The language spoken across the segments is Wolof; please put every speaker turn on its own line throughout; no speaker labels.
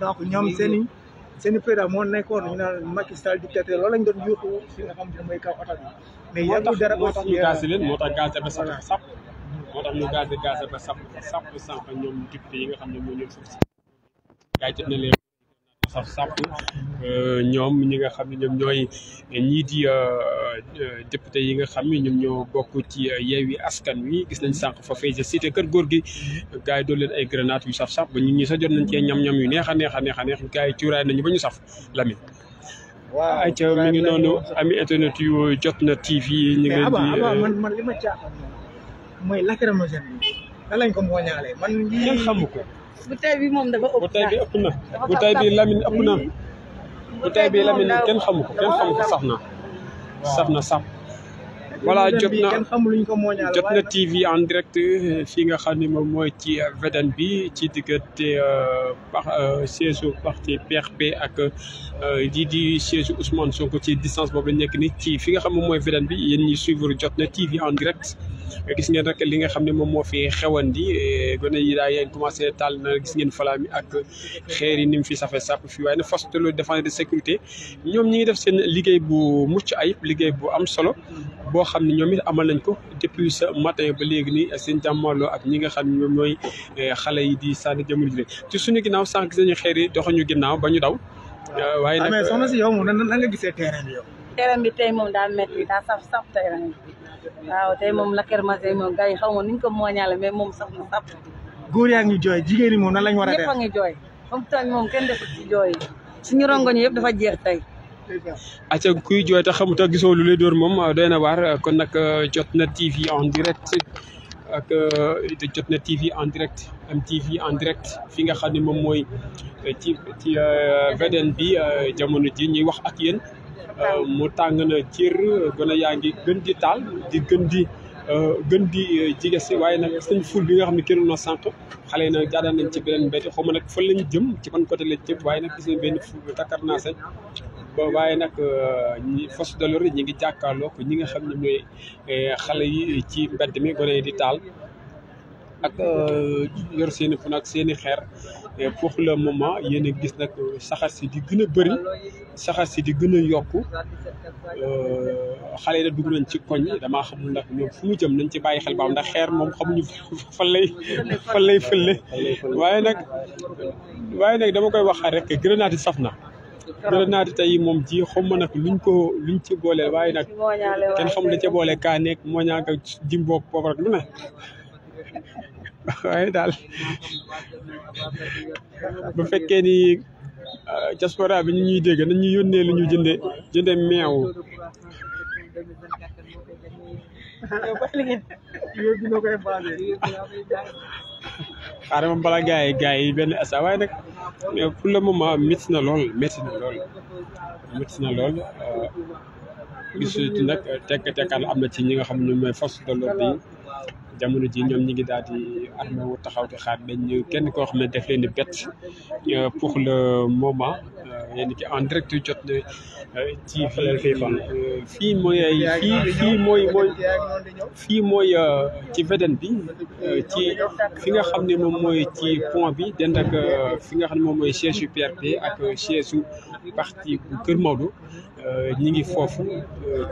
donc ñoom seen i seen i président moo nekkoon ñu naan Macky Sall dictateur loolu lañ doon yuuxu fi nga xam ne mooy kaw oto bi. mais yàggul dara moo tax ñu gaz moo tax gaz ba sapp sapp
moo tax ñu gaz gaz ba sapp sapp sànq ñoom député yi nga xam ne moo ñëw suuf si. gaa yi jot saf sàpp euh, ñoom ñi nga xam ne ñoom ñooy ñii di euh, euh, député yi nga xam ne ñoom ñoo bokk ci Yewwi Askan Wi gis nañ sànq fa fay sa cité kër góor gi gars yi leen ay grenades yu saf sàpp ba ñi sa jot nañ cee ñam-ñam yu neex a neex a neex a neex cuuraay nañu ba ñu saf lami
waaw ayca mi ngi noonu
ami internet yu jot na TV ñu ngi di man
man li ma caaxaan mooy lacrymogène bi lan lañ xamu ko bouteille bi moom dafa ëpp bouteille bi ëpp na bouteille bi Lamine ëpp na bouteille bi Lamine kenn xamu ko sax xamu ko na
saf na saf voilà jot
na jot na TV
en direct fii nga xam ne moom mooy ci VDN bi ci diggat diggante euh, par euh, siège parti PRP ak euh, lii di siège Ousmane Sonko ci distance boobu nekk ni ci fi nga xam moom mooy VDN bi yéen ñi suivre jot na TV en direct gis ngeen rek li nga xam ne moom moo fi xewandi e, gone yi daa yéen commencé taal na gis ngeen falaa mi ak xeer yi mu fi safe sap fii waaye nag force de défense de sécurité ñoom ñi ngi def seen liggéey bu mucc ayib liggéey bu am solo boo xam ne ñoom it amal nañ ko depuis sa matin ba léegi nii seen jàmmaloo ak ñi nga xam ne ñoom ñooy e, xale yi di sànni jamono ji ci suñu ginnaaw sànq gis nañu xeer yi doxuñu ginnaaw ba ñu daw waaye nag mais soxna si
yow moom nga gisee
waaw tey moom la Keur Massar moom gars yi xaw ma
nuñ ko mooñaale mais moom sax na sap
góor yaa ngi jooy jigéen ñi moom nan lañ war a def a ngi
jooy comme tooñ moom kenn defut ci jooy suñu rongoñ yëpp dafa jeex tey
acca kuy jooy
te xamuta gisoo lu lay dóor moom ah, doy na waar kon nag ah, jot na TV en direct ak ah, jot na TV en direct MTV en direct fi nga xam ne moom mooy ci ci VDN bi jamono ji ñuy wax ak yéen Euh, mu tàng na cër gone yaa ngi gën di taal di gën di euh, gën di euh, jige si waaye nag sëñ ful bi nga xam ne kenn na sànq xale na nag nañ ci beneen mbedd xaw ma nag fan lañ jëm ci ban côté lañ jëm waaye nag gis nañ benn bu takkar naa nag ñi force de l'ordre ñi ngi jàkkaarloo ko ñi nga xam ne mooy xale yi ci mbedd mi gone yi di taal ak yor seeni pneu ak seeni xeer et pour le moment yéen gis nag saxaar si di gën a bëri saxaar si di gën yokk yokku xale yi dugg nañ ci koñ damaa xamul ndax fu mu jëm nañ ci bàyyi xel baax ndax xeer moom xamuñu fan lay fan lay fële waaye nag waaye nag dama koy wax rek grenade saf na grenade tey moom ji xaw ma nag luñ ko luñ ci booleel waaye nag
kenn xamul da ca boole
kaa nekk moo ñaaka poobarak lu ne waaye daal bu fekkee ni euh, diaspora bi ñu ñuy dégg nañ ñu yónnee lu ñu jënde jënde meew xaaral ma bala gars yi benn asa waaye nag mais pour le moment métti na lool métti na
lool métti na lool euh, gis nag
tekk am na ci ñi nga xam ne mooy force de l'ordre yi jamono ji ñoom ñi ngi daal di armé wu taxaw di xaat dañ kenn koo xam ne daf leen di bett euh, pour le moment ngeen di ci en direct yu jot ne ci euh, euh, fii mooy fii mooy mooy fii mooy euh, ci veden bi ci fi nga xam ne moom mooy ci pont bi dend ak fi nga xam ne moom mooy siège yu PRP ak siège su parti bu Kër Maodo ñi ngi foofu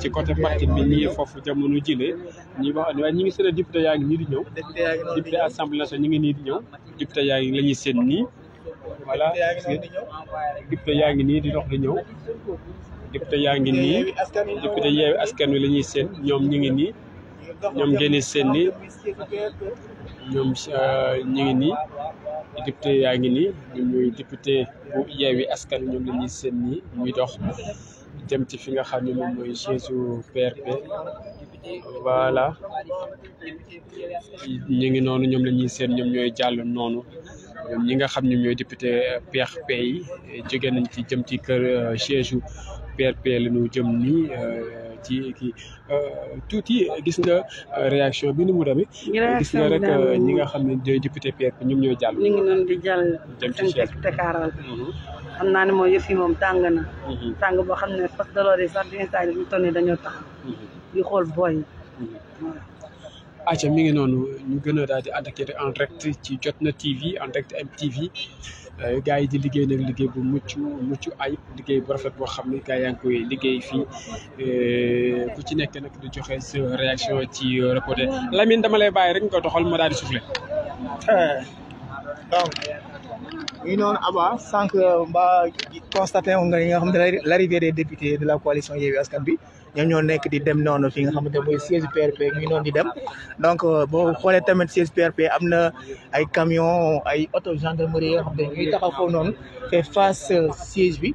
ci côté parti bi ñi ngi foofu jamono jëlee ñi wax waaye ñi ngi seen député yaa ngi nii di ñëw député assemblée nationale ñi ngi nii di ñëw député yaa ngi la ñuy seen nii wala député yaa ngi nii di dox di ñëw député yaa ngi nii député yeewi askan wi la ñuy ñoom ñu ngi nii
ñoom ngeen di seen nii
ñoom euh, ñu ngi nii député yaa ngi nii ñoom ñooy député bu yeewi askan ñoom la ñuy seen nii muy dox jëm ci fi nga xam ne moom mooy siège PRP voilà ñu ngi noonu ñoom lañuy ñuy seen ñoom ñooy jàll noonu ñoom ñi nga xam ne ñooy député PRP yi jóge nañ ci jëm ci kër euh, siège u PRP la ñu jëm nii euh, ci kii euh, tuuti gis nga réaction bi ni mu demee. gis nga rek ñi nga xam ne ñooy député PRP ñoom ñooy jàll. ñu ngi noonu di jàll. jëm ci siège te kaaral mhm. xam naa ne mooy yëf yi moom tàng na. Mhm. tàng boo xam ne fas daloor yi sax di instant yi dañoo tax. Mhm. di xool booy aca mi ngi noonu ñu gën a daal di ànd ak yéen en direct ci Jotna TV en direct MTV euh, di liggéey nag liggéey bu mucc mucc ayib liggéey bu rafet boo xam ne gars yaa ngi liggéey fii euh, ku ci nekk nag di joxe sa réaction ci reporté lamin dama lay bàyyi rek nga doxal ma daal di soufflé
donc ñi noonu Aba sànq mbaa constaté nga nga xam ne l'arrivée des députés de la coalition Yewwi Askan bi ñoom ñoo nekk di dem noonu fi nga xamante mooy siège PRP ñu noonu di dem donc euh, boo xoolee tamit siège PRP am na ay camion ay auto gendarmerie yoo xam ne ñuy taxaw foofu noonu fait face euh, siège bi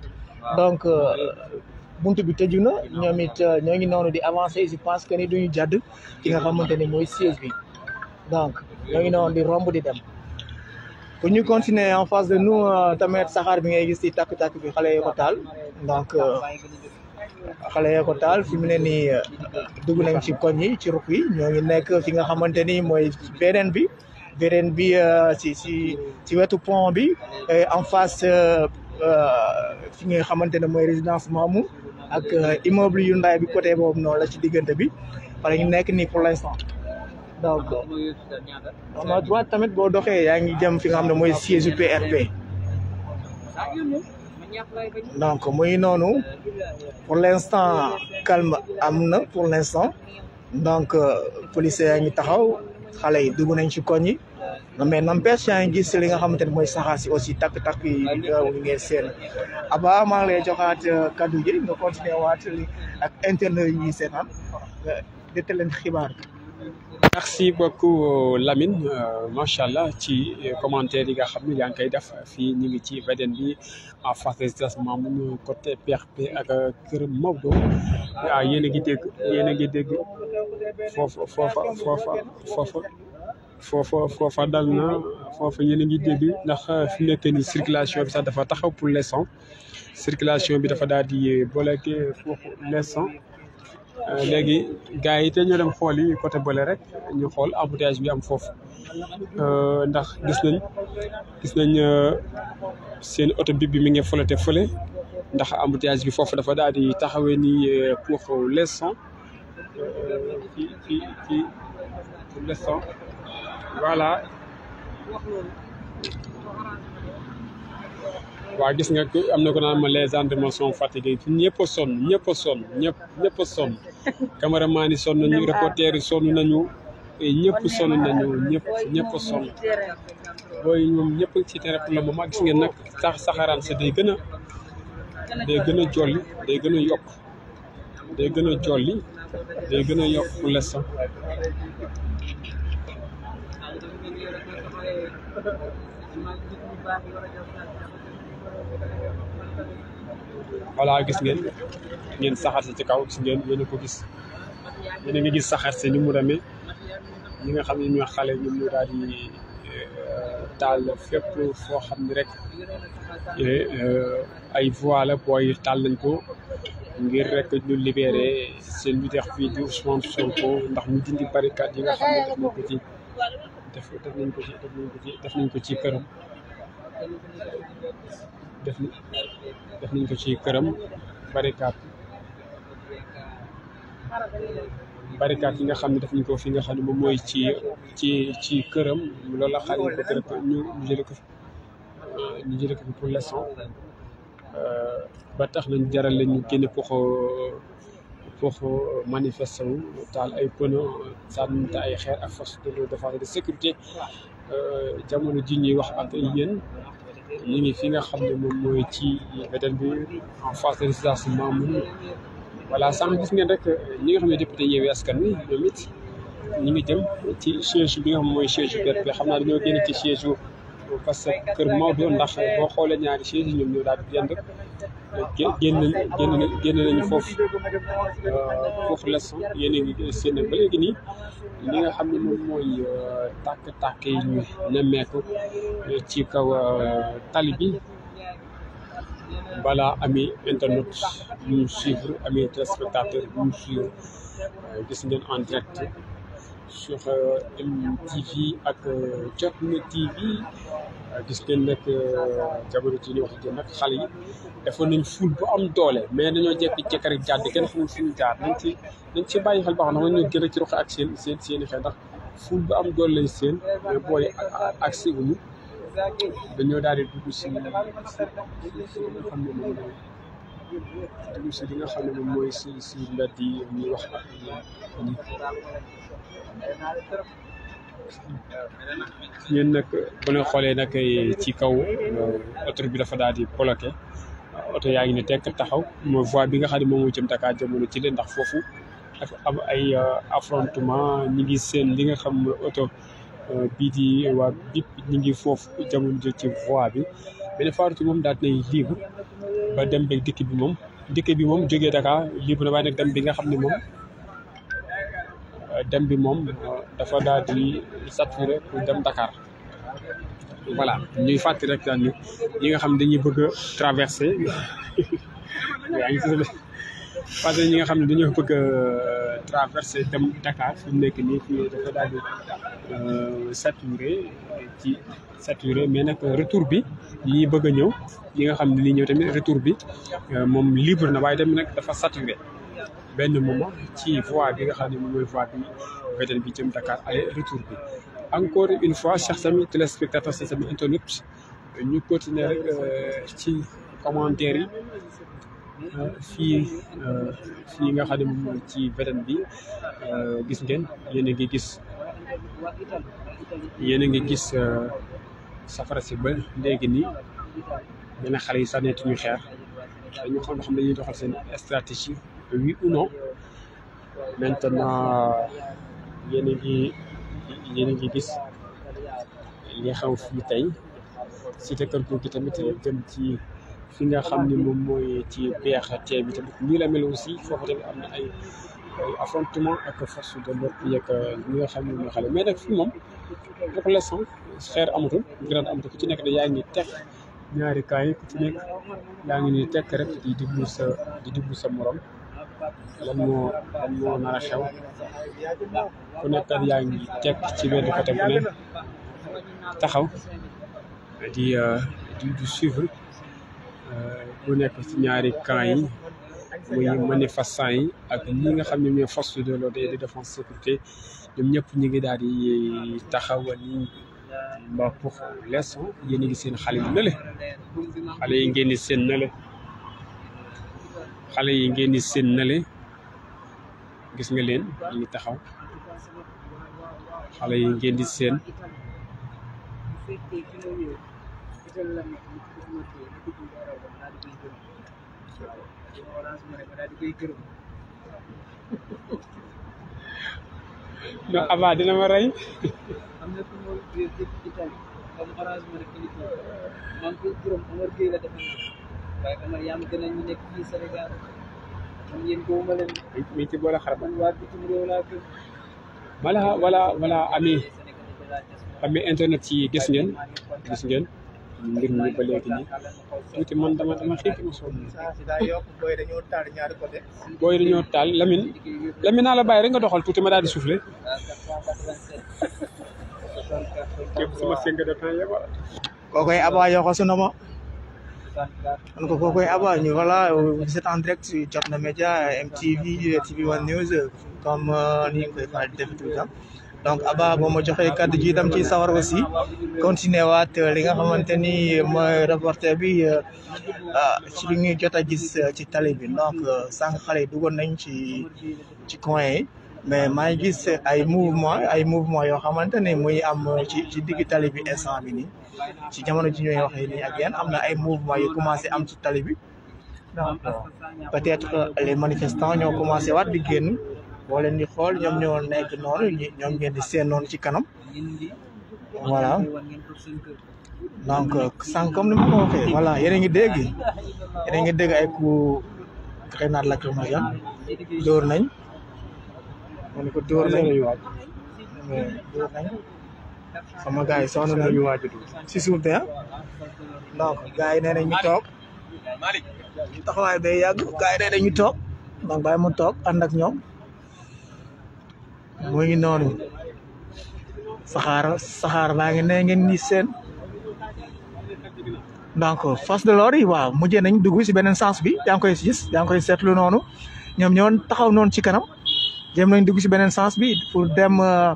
donc euh, buntu bi tëju na ñoom it ñoo ngi noonu di avancé je pense que ni duñu jàdd ki nga xamante ni mooy siège bi donc ñoo ngi noonu di romb di dem bu ñu continuer en face de nous tamit saxaar bi ngay gis ci tàkk-tàkk bi xale yoo ko taal donc xale yee taal fi mu ne nii dugg nañ ci koñ yi ci ruq ñoo ngi nekk fi nga xamante ni mooy beneen bi beneen bi si si si wetu pont bi en face euh, euh, fi nga xamante ne mooy résidence Mamou ak euh, immeuble yu ndaay bi côté boobu noonu la ci diggante bi wala ñu nekk nii pour l'instant donc tamit boo doxee yaa ngi jëm fi nga xam ne mooy siège PRP
donc muy noonu
pour l'instant calme am na pour l'instant donc euh, policiers yaa ngi taxaw xale yi dugg nañ ci koñ yi mais n'empêche yaa ngi gis li nga xamante ne mooy saxaar si aussi takk-takk yi ñu seen aba maa ngi lay joxaat euh, kaddu ji nga continuer waat ak internet yi ñuy seenaan euh, dete
merci beaucoup Lamine euh, macha allah ci commentaire yi nga xam ne yaa ngi koy def fii ñu ngi ci VDN bi en face des Etats Mamoun côté PRP ak euh, Kër Maodo waaw yéen a ngi dégg yéen a ngi dégg
foofa foofa foofa
foofa foofa foofa dal na foofa yéen ngi dégg ndax euh, fi mu nekk nii circulation bi sax dafa taxaw pour l'instant circulation bi dafa daal di bloqué foofu l'instant Euh, léegi gars yi te ñoo dem xool yi côté bële rek ñu xool embouteillage bi am foofu euh, ndax gis nañ gis nañ euh, seen oto bi bi mi ngi folate fële ndax embouteillage bi foofu dafa daal di taxawee ni pour l'instant fi ci ci pour l'instant waa gis nga am na ko naan ma les gendarmes sont fatigués ñëpp a sonn ñëpp a sonn ñëpp ñëpp a sonn yi nañu reporter yi sonn nañu eh, ñëpp sonn nañu ñëpp sonn booy ñoom ñëpp ci terrain la le moment gis ngeen nag sax saxaraan si day gën
day gën a jolli day
gën a yokk day gën a jolli day gën a yokk pour
voilà gis ngeen ngeen
saxaar si ci kaw gis ngeen yéen ko gis yéen a ngi gis saxaar si ni mu demee ñi nga xam ne ñu xale ñu mu daal di euh, taal fépp foo xam ne rek euh, ay voie la booy taal nañ ko ngir rek ñu libéré seen leader fii di Ousmane Sonko ndax mu dindi barricade yi nga xam ne def nañ ko ci def ko ci def nañ ko ci def def def nañ ko ci këram barikaat barikaat yi nga xam ne daf nañ ko fi nga xam ne moom mooy ci ci ci këram loolu la xale yi ñu ñu jële ko fi ñu jële ko fi pour l'instant ba tax nañ jaral lañ ñu génne poxo poxo manifesté wu taal ay pneu sànnante ay xeer ak force de défense et de sécurité euh, jamono ji ñuy wax ak yéen ñu ngi fi nga xam ne moom mooy ci wetel bi en face de résidence Mamoune voilà sànq gis ngeen rek ñi nga xam ne député Yewwi Askan Wi ñoom it ñu ngi jëm ci siège bi nga xam mooy siège bi xam naa dañoo génn ci siège yu parce que kër Maodo ndax boo xoolee ñaari siège yi ñoom ñoo daal di génn génn génn génn nañu foofu euh, foofu la yéen a ngi seen ba léegi nii li nga xam ne moom mooy takk euh, tàkk yi ñu nemmeeku ci kaw euh, tali bi balaa ami internet ñu suivre ami téléspectateur ñu suivre euh, gis ngeen en direct sur MTV ak jot Jotna TV gis ngeen nag jamono ji ni wax ngeen nag xale yi defoon nañ ful bu am doole mais dañoo jékki-jékki rek jàdd kenn xamul fu ñu jaar nañ ci nañ ci bàyyi xel baax na ma ñu gën a ci roxe ak seen seen seen i xel ndax ful bu am doole lañ seen mais booy accès wuñu dañoo daal di dugg si si si nga xam ne moom dugg si nga xam ne moom mooy si si mbedd yi ñuy wax ak ñun nag bu ñu xoolee nag ci kaw autoroute euh, bi dafa daal di bloqué euh, oto yaa ngi ne tekk taxaw mooy voie bi nga xam ne moom moo jëm Dakar jamono ci de ndax foofu dafa ay euh, affrontement ñi ngi seen li nga xam oto bii di waa BIP ñi ngi foofu jamono ci voie bi benn faaru ci moom daal di libre ba dem beeg dikk bi moom dikk bi moom jógee Dakar libre waaye nag dem bi nga xam ne moom dem bi moom dafa daal di saturé pour dem Dakar
voilà ñuy
fàttali rek daal ni nga xam ne dañuy bëgg a traversé yaa ngi fàttali nga xam ne dañoo bëgg traversé itam Dakar fi mu nekk nii fii dafa daal di euh, saturé ci saturé mais nag retour bi yi bëgg ñëw yi nga xam ne nii ñëw tamit retour bi euh, moom libre na waaye tamit nag dafa saturé benn moment ci voie bi nga xam ni moom mooy voie bi vétérinaire bi jëm Dakar ay retour bi. encore une fois chers amis téléspectateurs chers amis internautes ñu continuer euh, ci commentaire yi. fii euh, fii nga xam ne ci vétérane bi euh, gis ngeen yéen a gis yéen a ngi gis euh, safara si ba léegi ni ñenn xale yi sànneeti ñu xeex dañu xool xam ne ñuy doxal seen stratégie oui ou non maintenant yéen a ngi yéen a ngi gis li xew fii tey cité Keur Gorgui tamit jëm ci. fi nga xam ni moom mooy ci peex tee bi tamit nii la mel aussi foofu tamit am na ay affrontement ak force de l'ordre yeeg euh, nga xam ne mooy xale mais nag fii moom pour l'instant xeer amatul grade amatul ku ci nekk da yaa ngi teg ñaari kaa yi ku ci nekk yaa ngi nii teg rek di déglu sa di déglu sa morom a xew
ku nekk yaa ngi teg ci benn côté bu ne taxaw
di euh, di suivre lu nekk ci ñaari camp yi muy manifestant yi ak ñi nga xam ne ñooy force de l'ordre et de défense sécurité ñoom ñëpp ñu ngi daal di taxawal yi mba pour leçon yéen a ngi seen xale yi nële xale yi ngeen di seen nële xale yi ngeen seen nële gis nga leen ñu ngi taxaw xale yi ngeen di seen non
avant dina ma rey. am na ku ñëw biir dëkk Italie comme orange ma ne ko maa ngi koy gërëm Omar Gueye la defe naa waaye Omar yaa ma gën a ñu nekk fii Sénégal man yéen ko ma leen.
mi ci boole xaraba. waa bitim réew laa gën. voilà voilà voilà ami ami internet yi gis ngeen gis ngeen. mbir mi ba léegi nii tuuti man dama dama xiiti ma sonn
booy dañoo
taal Lamine Lamine naa la bàyyi rek nga doxal tuuti ma
Aba yoo xasu na Aba ñu voilà vous direct sur Jotna Média MTV TV One News comme euh, ni koy faral def tout donc Aba boo ma joxee kàddu ji dam ci sawar aussi continuer waat li nga xamante ni mooy bi euh, ah, ci li ñuy jot a gis euh, ci tali bi donc euh, sànq xale yi duggoon nañ ci ci coin yi mais maa ngi gis ay mouvement ay mouvement yoo xamante ne muy am ci ci digg tali bi instant bi nii ci jamono ji ñuy waxee nii ak yéen am na ay mouvement yu commencé am ci tali bi donc peut-être les manifestants ñoo commencé waat di génn. boo leen di xool ñoom ñoo nekk noonu ñoom ngeen di seen noonu ci kanam
voilà donc sànq comme ni ma ko waxee voilà ngi dégg yéen ngi
dégg ay ku grenade lacrymogène dóor nañ ma ne ko dóor nañ
dóor nañ
sama gars yi sonn nañu si suuf de ah. donc gars yi nañ ñu toog taxawaay bay yàgg gars yi ñu toog donc bàyyi mu toog ànd ak ñoom mu ngi noonu saxaar saxaar baa ngi ne ngeen ni seen donc fas de l'ordre yi waaw mujjee nañ dugg si beneen sens bi yaa yi si gis yaa ngi seetlu noonu ñoom ñoon taxaw noonu ci kanam jéem nañ dugg si beneen sens bi pour dem euh,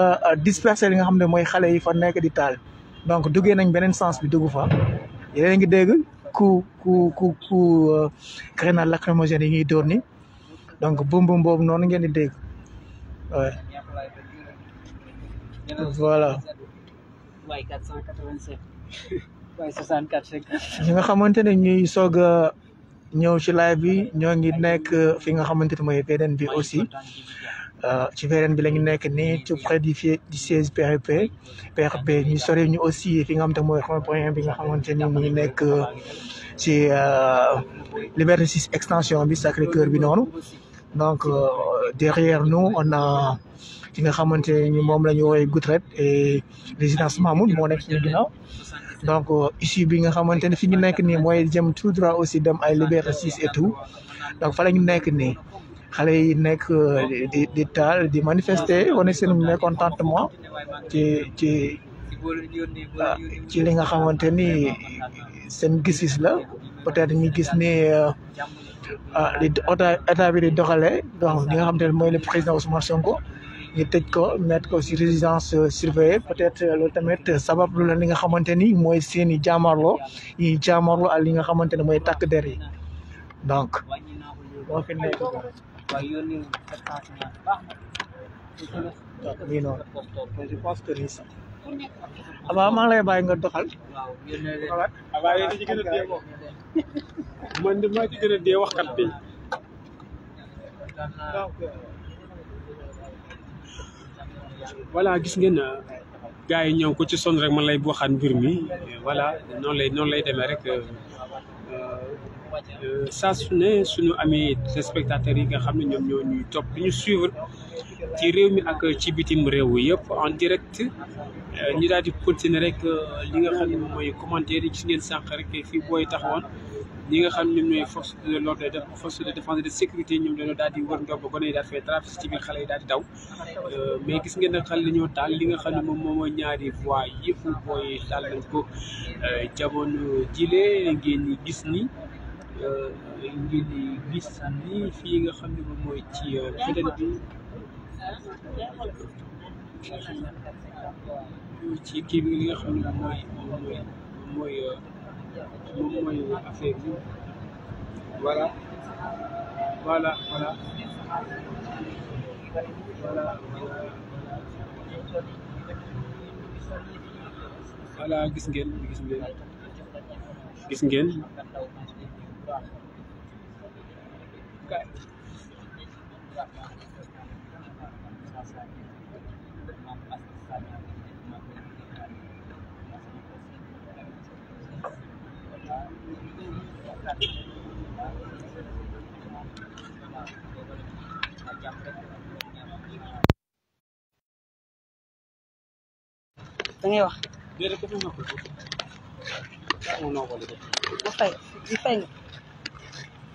euh, disperser li nga xam ne mooy xale yi fa nekk di taal donc duggee nañ beneen sens bi dugg fa yéen a ngi dégg ku ku ku ku euh, grenade lacrymogène yi ñuy dóor ni donc buum buum noonu ngeen di dégg ouais voilà.
waaye 487 nga
xamante ne ñuy soog a ñëw ci live bi ñoo ngi nekk fi nga xamante ne mooy VDN aussi aussi euh, ci VDN bi la ñu nekk ni nii tout près du du siège PRP PRP ñu sore ñu aussi fi nga xamante mooy point bi nga xamante ni mu ngi nekk euh, ci euh, Liberté 6 extension bi Sacré Cœur bi noonu donc. derrière nous on a ki nga xamante ni moom la ñu woowee Goutret et résidence Mamoun moo nekk suñu ginnaaw donc euh, issue bi nga xamante ne fi ñu nekk nii mooy jëm tout droit aussi dem ay Liberté 6 et tout donc fala la ñu nekk nii xale yi nekk euh, di di taal di manifester wane seen mécontentement ci ci ah, ci li nga xamante ni seen gis la peut-être ñu gis ni. Euh, Ah, li état bi di doxalee donc li nga xam te ne mooy le président Ousmane Sonko ñu tëj ko mettre ko si résidence euh, surveillée peut-être euh, loolu tamit euh, sabab lu la li nga xamante ni mooy seen i jaamarloo yi jaamarloo ak li nga xamante ne mooy takk der yi donc
moo
abaa maa lay bàyyi nga doxal.
abaa yéen ci gën a dee moom
man de maa bi. voilà gis ngeen gars yi ñëw ko ci son rek man lay waxaan mbir mi voilà noonu lay noonu lay demee rek. Eh, eh, saa euh, su ne suñu amee téléspectateurs yi nga xam ne ñoom ñoo ñuy topp ñu suivre ci réew mi ak ci bitim réew yëpp en direct euh, ñi daal di continuer rek euh, li nga xam ne mooy commentaire yi ci ngeen sànq rek fii booy taxawoon ñi nga xam ñoom ñooy force de l'ordre de force de défense de sécurité ñoom dañoo daal di wër ndomb ba gone yi daal fay traversé ci biir xale yi daal di daw mais gis ngeen nag xale dañoo taal li nga xam ne moom mooy ñaari voies yëpp booy taal nañ ko jamono jile ngeen gis ni Euh, ngeen gis ni fii nga xam ne moom mooy ci feneen euh, bi ci kii bi nga xam ne mooy mooy mooy euh, moom mooy affaire bi voilà voilà voilà voilà voilà gis ngeen gis ngeen gis ngeen
da ngay wax. déedéet dafay noppal. daa amoon noppal. ba fay ba fay nga.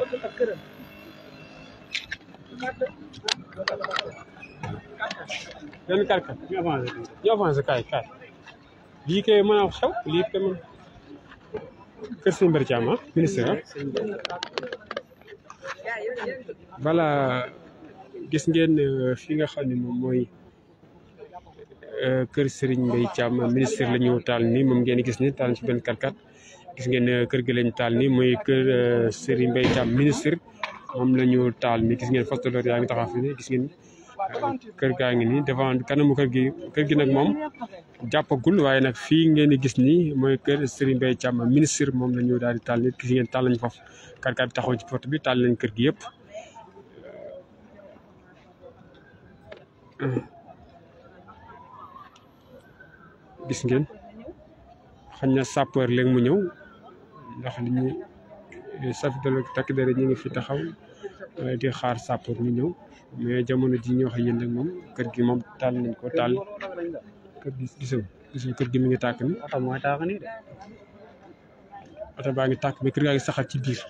oto ak këram
benn karkar ñu avancé ñu avancé kaay kaay lii kay mën a xew lii kay mën kër sëñ Mbari Thiam ah, ministre voilà ah. gis ngeen euh, fi nga xam ne moom mooy euh, kër Serigne Mbaye Thiam ministre la ñu taal nii moom ngeen gis ni taal ci benn karkar gis ngeen ne kër gi lañ taal ni muy kër euh, Serigne Mbaye Thiam ministre moom la ñu taal ni gis ngeen force de l'ordre yaa ngi taxaw fi ni gis ngeen euh, kër gaa ngi nii defant kanamu kër gi kër nag moom jàppagul waaye nag fii ngeen di gis nii mooy kër Serigne Mbaye Thiam ministre moom la ñu daal di taal ni gis ngeen taal lañ foofu karkaar bi taxaw ci porte bi taal nañ kër gi yëpp gis ngeen xañ na sapeur léegi mu ñëw ndax li ñuy eh, safital takk dere ñu ngi fi taxaw eh, di xaar sàppor ñu ñëw mais jamono ji ñu wax yéen nag moom kër gi moom taal nañ ko taal kër gi gisoo gisoo kër gi mi ngi tàkk ni oto mooy tàkk baa ngi tàkk mais kër gaa ngi saxar ci biir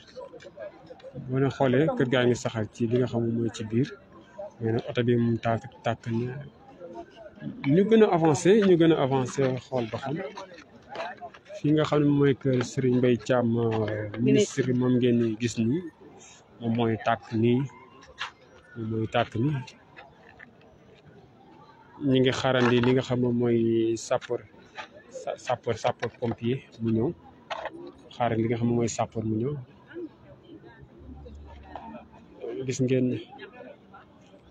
boo xoolee kër gaa ngi saxar ci li nga xam mooy ci biir mais nag oto bi mu tàkk tàkk na ñu gën a avancé ñu gën a avancé xool ba xam fii nga xam ne mooy kër Serigne Mbaye Thiam euh, ministre moom ngeen ni gis nii moom mooy tàkk nii moom mooy tàkk nii ñu ngi xaaral xaarandi li nga xam ne mooy sapeur sapeur sapeur pompier mu ñëw xaarandi li nga xam ne mooy sapeur mu ñëw gis ngeen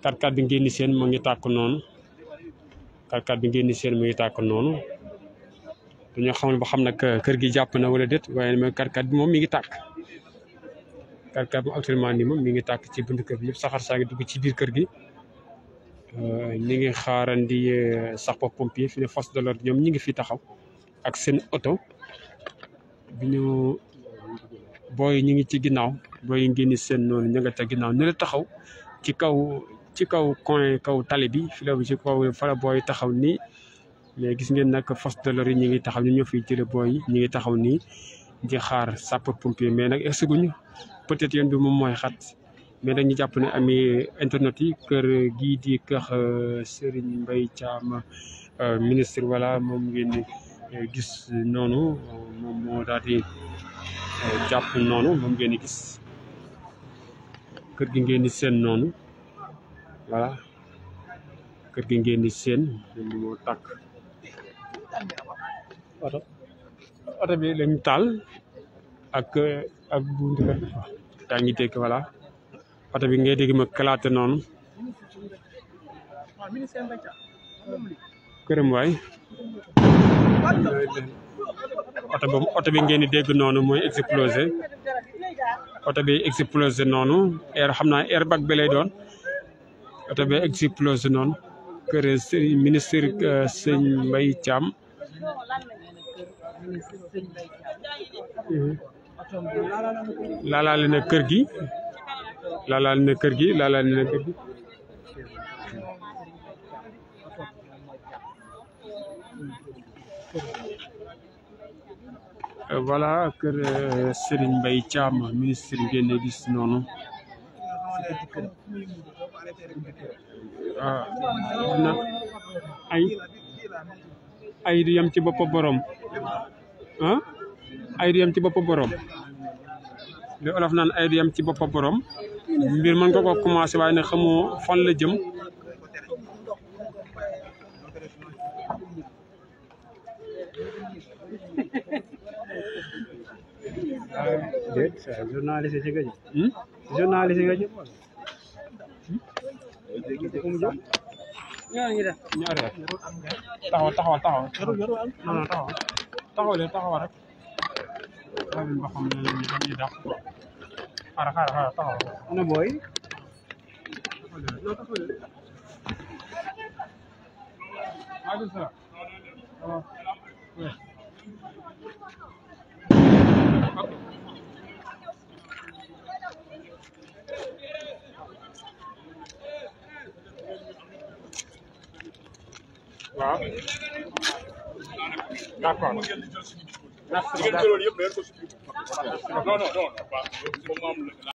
katkat bi ngeen di seen mu ngi tàkk noonu katkat bi ngeen di seen mu ngi tàkk noonu ñoo xamul ba xam nag euh, kër gi jàpp na wala déet waaye nag karkat bi moom mi ngi tàkk karkat bi actuellement nii moom mi ngi tàkk ci buntu kër bi yëpp saxaar ci biir kër gi euh, ñi ngi xaarandi euh, sapeur pompier fi ne force de l'ordre ñoom ñu ngi fi taxaw ak seen oto bi ñu booy ñi ngi ci ginnaaw booy ngi ni seen noonu ñu nga ca ginnaaw ñu la taxaw ci kaw ci kaw coin kaw tali bi fi la ci la booy taxaw nii mais gis ngeen nag force de yi ñu ngi taxaw ñu ñoo fiy jële booy ñu ngi taxaw ni di xaar sapeur pompier mais nag egseguñu peut-être yoon bi moom mooy xat mais dañu jàpp ne ami internet yi kër gii di kër euh, Serigne Mbaye Thiam euh, ministre voilà moom ngeen euh, gis noonu daal di jàpp noonu moom ngeen gis kër gi ngeen di seen noonu voilà kër gi ngeen di seen moom moo tàkk oto oto bi lañ taal ak ak buntu yaa ngi dégg voilà oto bi ngay dégg ma kalaate noonu këram waay oto boobu oto bi ngeen di dégg noonu mooy explosé oto bi explosé noonu air xam naa air bag bi lay doon oto bi explosé noonu kër sëriñ ministre euh, sëñ Mbaye Thiam
mhm. na kër gi laalaale na kër gi laalaale na kër gi
euh, voilà kër euh, Serigne Mbaye Thiam ministre ngeen noonu
Ah. ay ay du yem ci bopp borom
ay du yem ci bopp borom li olof naan ay du yem ci bopp borom
mbir mën nga ko commencé waaye nag xamoo fan la jëm
ah, journaliste si nga jëm journaliste ñaari at taxawal taxawal taxawal non taxawal taxawal leen taxawal rek xam ngeen ba xam booy maaleykum salaam
waaw d'accord merci